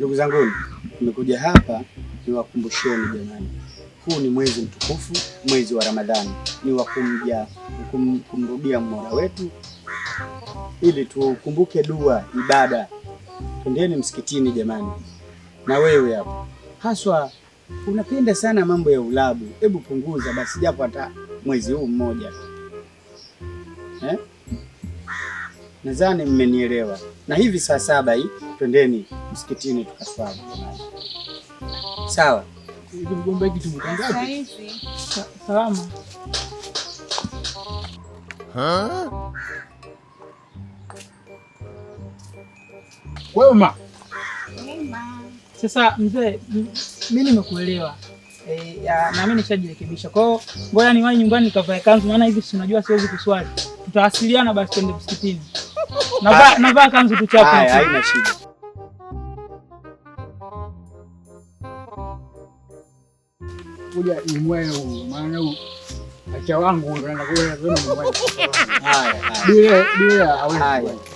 Ndugu zanguni, nimekuja hapa niwakumbusheni jamani, huu ni mwezi mtukufu, mwezi wa Ramadhani, ni wakumja kumrudia Mola wetu ili tukumbuke dua, ibada. Twendeni msikitini jamani. Na wewe hapo haswa unapenda sana mambo ya ulabu, hebu punguza basi, japo hata mwezi huu mmoja eh? Nadhani mmenielewa. Na hivi saa saba hii twendeni msikitini tukaswali. Sawa. Salama. Ha? Sasa mzee, mimi nimekuelewa. E, na mimi nishajirekebisha. Kwa hiyo ngoja niwahi nyumbani nikavae kanzu maana hivi si unajua siwezi kuswali. Tutawasiliana basi twende msikitini navaa kanzu tu chafu. Haina shida. Kuja nimweu, maana acha wangu anakuwa bila bila